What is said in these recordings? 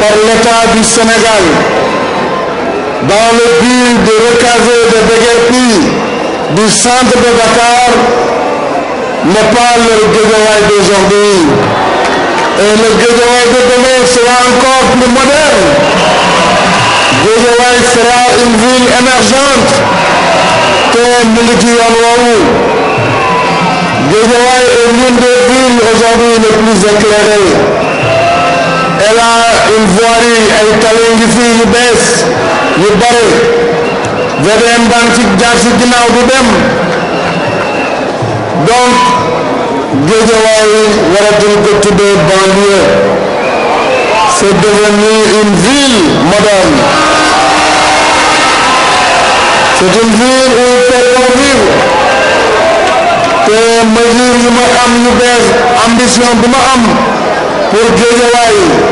par l'État du Sénégal dans le but de recaser de déguerpis du centre de Dakar n'est pas le Guédouaï d'aujourd'hui. Et le Guédouaï de demain sera encore plus moderne. Guédouaï sera une ville émergente comme le dit Anouaou. Guédouaï est l'une des villes aujourd'hui les plus éclairées. Ela une voirie ay tali fi yu bees yu bare VDN baa ci jaar ci ginnaaw bu dem donc Guédiawaye waratul ko tuddee banlieue c'est devenu une ville moderne c'est une ville où il fait bon yu ma am yu bees ambition bi ma am pour Guédiawaye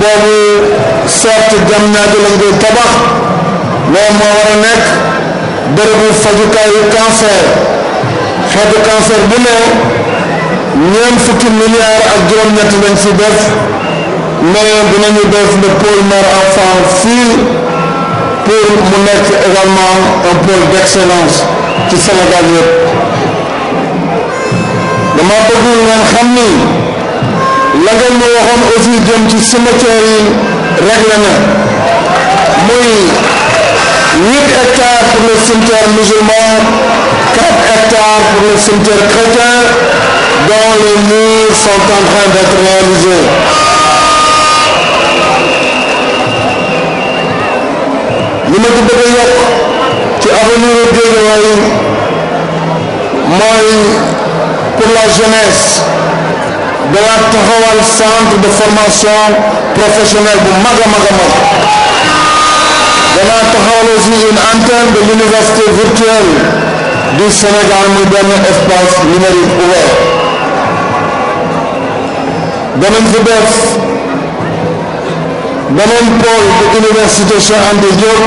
boobu sorte jam de lañ koy tabax loolu war a nekk bërëbu fajukaayu cancer xeetu cancer bu ne ñeent fukki ak juróom-ñett lañ fi def mais dinañu def le pôle mère enfant pour mu également un pôle d'excellence ci Sénégal yëpp dama la ngeen ma waxoon aussi jëm ci cimetière yi 8 hectares pour le cimetière musulman 4 hectares pour le cimetière chrétien dont les murs sont en train d'être réalisés. Nous ma ci bëgg a yokk ci avenir pour la jeunesse de la Tahawal centre de formation professionnelle de Magamagama, de la Tahawal aussi une antenne de l'université virtuelle du Sénégal muy espace numérique Dans danañ fi dans le pôle de l'université de Anta Diop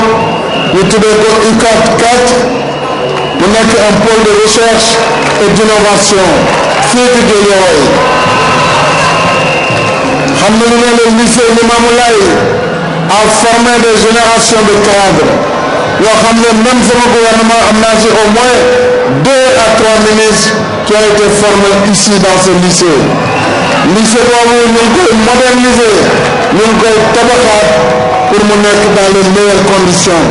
ñu 44 ko UCAD 4 un pôle de recherche et d'innovation fii de Guédiawaye le lycée de Mamoulaye a formé des générations de cadres. Nous ramenons même sur le gouvernement a au moins deux à trois ministres qui ont été formés ici dans ce lycée. Lycée doit nous moderniser, nous tabacat pour nous mettre dans les meilleures conditions.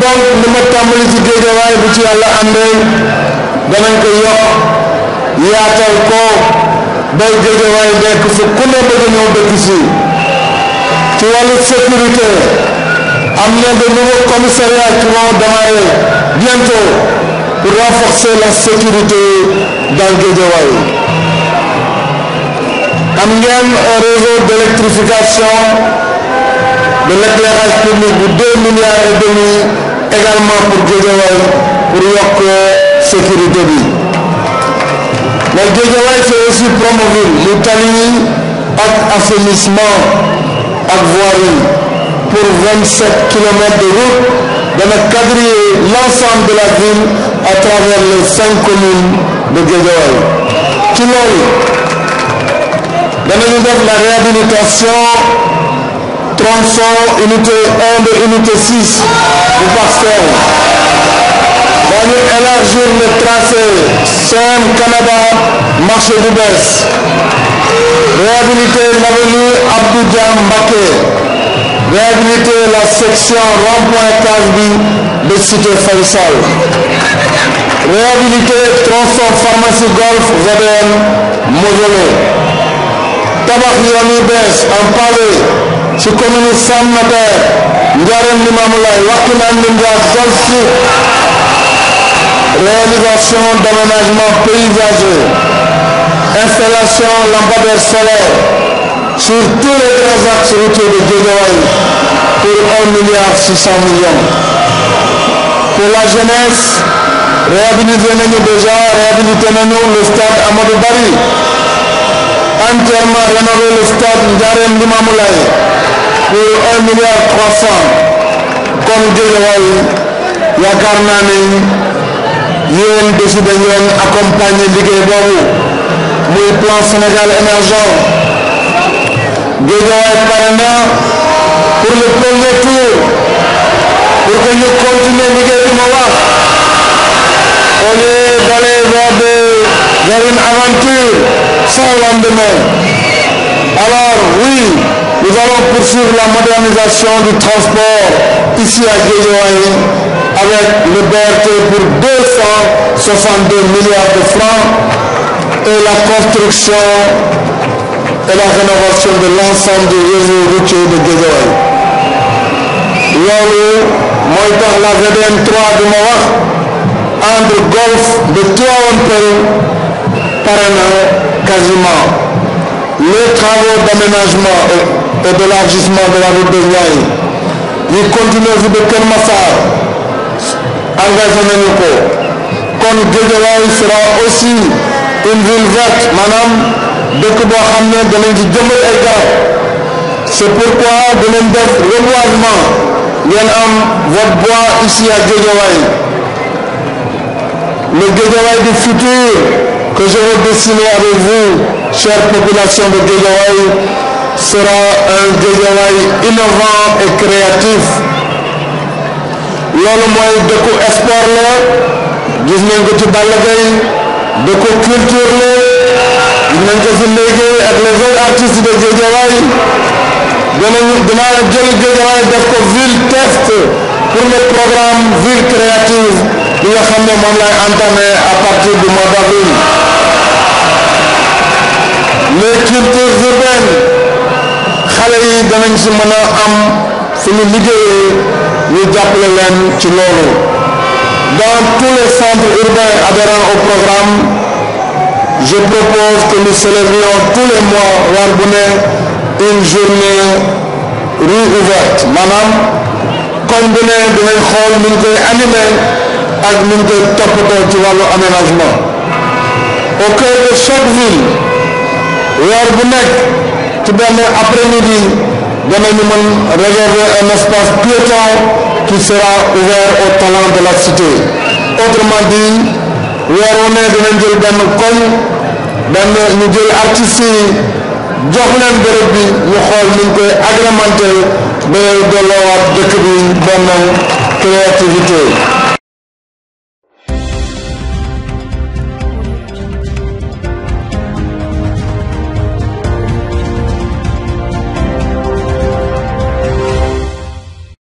Donc, nous mettons le lycée de la André, dans un pays, il y a day y waaye que fu ku ne bëgg de dëkk si ci la sécurité am de nouveau commissariat qui vont démarrer bientôt pour renforcer la sécurité dans le am ngeen un réseau d'électrification de l'éclairage public de 2 milliards et demi également pour Guédiawaye pour la sécurité vie. Le Guédiawaye fait aussi promouvoir l'Italie à assainissement à voirie pour 27 km de route dans le quadriller l'ensemble de la ville à travers les cinq communes de Guédiawaye Dans le cadre de la réhabilitation 300 unité 1 de unité 6 du Pasteur élargir le tracé Son canada marché du Besse. Réhabiliter l'avenue Abdou Mbaké. Réhabiliter la section rond Casby de Cité Faisal. Réhabiliter Transform pharmacie golf VDN Mosolé. Tabac Yoni Besse en palais sur commune Sam Nader, Ndiarem Limamoulay, Wakinan Golf réalisation d'aménagement paysager, installation lampadaires solaire sur tous les trois axes routiers de Guédouaï pour 1,6 milliard. Pour la jeunesse, réhabiliter nous déjà, réhabilitons nous le stade Amadou Bari, entièrement rénover le stade Ndarem Limamoulay pour 1,3 milliard comme Guédouaï, Yakarnani, yéen desu de accompagné accompagner de le Les plan Sénégal émergent de et Parana, pour le premier tour pour que nous continuions liggéey bi de On au lieu d'aller vers une aventure sans lendemain alors oui nous allons poursuivre la modernisation du transport ici à Guédiawaye avec le BRT pour 262 milliards de francs et la construction et la rénovation de l'ensemble du réseau routier de Guédiawaye loolu Moïta la VDM 3 de Maroc, un golf de Pérou par un quasiment les travaux d'aménagement et d'élargissement de la route de Niayes yi continuer de ma Engagement, nañu Comme comme sera aussi une ville verte Madame, de Kouba xam de danañ de ay c'est pourquoi de def reboisement ngeen am votre bois ici à Guédiawaye le Guédiawaye du futur que je vais dessiner avec vous chère population de Guédiawaye sera un Guédiawaye innovant et créatif loolu mooy dëkku sport la gis nañ ko ci Balla Gaye dëkku culture la gis nañ ko ci léegi ak les autres artistes de Guédiawaye dinañu dinaa jëli Guédiawaye def ko ville test pour le programme ville créative bi nga xam ne moom lay entamé à partir du mois d'avril les cultures urbaines xale yi danañ si mën a am suñu liggéeyee ñu jàppale leen ci loolu dans tous les centres urbains adhérents au je propose que nous célébrions tous les mois weer bu ne une journée rue ouverte maanaam koñ bu ne dinañ xool nu ak nu ñu koy toppatoo ci wàllu aménagement au cœur de chaque ville weer bu nekk danañu mën réserver un espace piéton qui sera ouvert aux talents de la cité autrement dit weer wu ne dinañ jël benn koñ benn ñu jël artistes yi bi ñu xool ñu koy agrémenté ba delloowaat dëkk bi benn créativité.